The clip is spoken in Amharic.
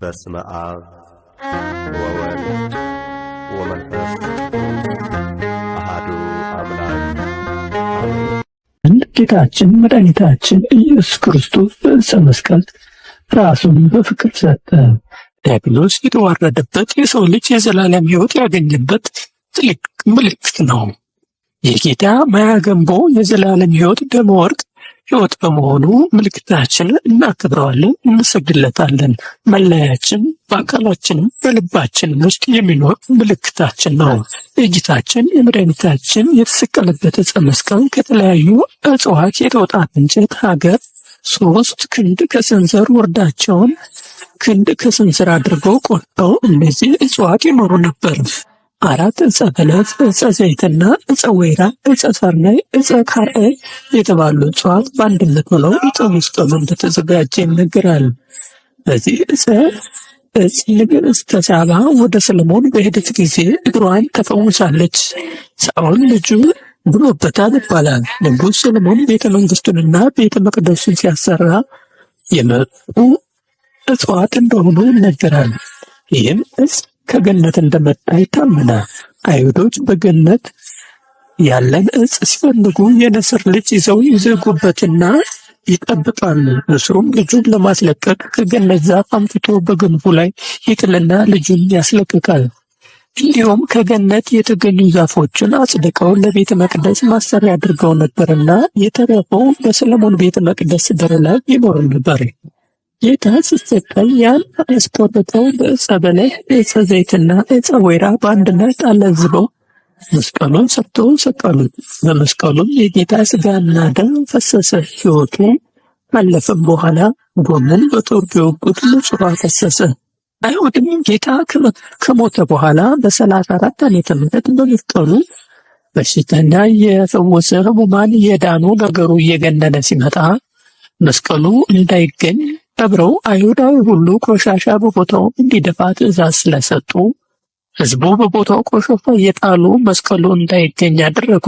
በስመ አብ ወወልድ ወመንፈስ አሐዱ አምላክ። ጌታችን መድኃኒታችን ኢየሱስ ክርስቶስ በዕፀ መስቀል ራሱን በፍቅር ሰጠ። ዲያብሎስ የተዋረደበት የሰው ልጅ የዘላለም ሕይወት ያገኘበት ትልቅ ምልክት ነው። የጌታ ማያገንቦ የዘላለም ሕይወት ደመወርቅ ህይወት በመሆኑ ምልክታችን እናከብረዋለን፣ እንሰግድለታለን። መለያችን በአካላችንም በልባችንም ውስጥ የሚኖር ምልክታችን ነው። የጌታችን የመድኃኒታችን የተሰቀለበት ዕፀ መስቀል ከተለያዩ እጽዋት የተወጣት እንጨት ሀገር ሶስት ክንድ ከስንዝር ወርዳቸውን ክንድ ከስንዝር አድርገው ቆርጠው እነዚህ እጽዋት ይኖሩ ነበር። አራት እፀ በለስ፣ እፀ ዘይትና እፀ ወይራ፣ ዕፀ ሰርናይ፣ እፀ ካርአይ የተባሉ እጽዋት በአንድነት ሆነው ዕፀ ውስጥ እንደተዘጋጀ ይነገራል። በዚህ ዕፀ እጽ ንግሥተ ሳባ ወደ ሰለሞን በሄደች ጊዜ እግሯን ተፈውሳለች። ሳኦል ልጁ ብሎበታል ይባላል። ንጉሥ ሰለሞን ቤተ መንግስቱንና ቤተ መቅደሱን ሲያሰራ የመጡ እጽዋት እንደሆኑ ይነገራል። ይህም እጽ ከገነት እንደመጣ ይታመናል። አይሁዶች በገነት ያለን እጽ ሲፈልጉ የንስር ልጅ ይዘው ይዘጉበትና ይጠብቃሉ። ንስሩም ልጁን ለማስለቀቅ ከገነት ዛፍ አምጥቶ በግንቡ ላይ ይጥልና ልጁን ያስለቅቃል። እንዲሁም ከገነት የተገኙ ዛፎችን አጽድቀው ለቤተ መቅደስ ማሰሪያ አድርገው ነበርና የተረፈው በሰለሞን ቤተ መቅደስ በር ላይ ይኖር ነበር። ጌታ ሲሰቀል ያን አስቆርጠው በዕፀ በለስ፣ ዕፀ ዘይትና ዕፀ ወይራ በአንድነት አለዝቦ መስቀሉን ሰጥቶ ሰቀሉት። በመስቀሉም የጌታ ስጋና ደም ፈሰሰ። ሕይወቱ ካለፈም በኋላ ጎመን በጦር የወጉት ንጹሕ ፈሰሰ። አይሁድም ጌታ ከሞተ በኋላ በሰላሳ አራት ዓመተ ምህረት በመስቀሉ በሽተኛ የፈወሰ ሕሙማን የዳኑ ነገሩ እየገነነ ሲመጣ መስቀሉ እንዳይገኝ ከብረው አይሁዳዊ ሁሉ ቆሻሻ በቦታው እንዲደፋ ትእዛዝ ስለሰጡ ሕዝቡ በቦታው ቆሻሻ እየጣሉ መስቀሉ እንዳይገኝ አደረጉ።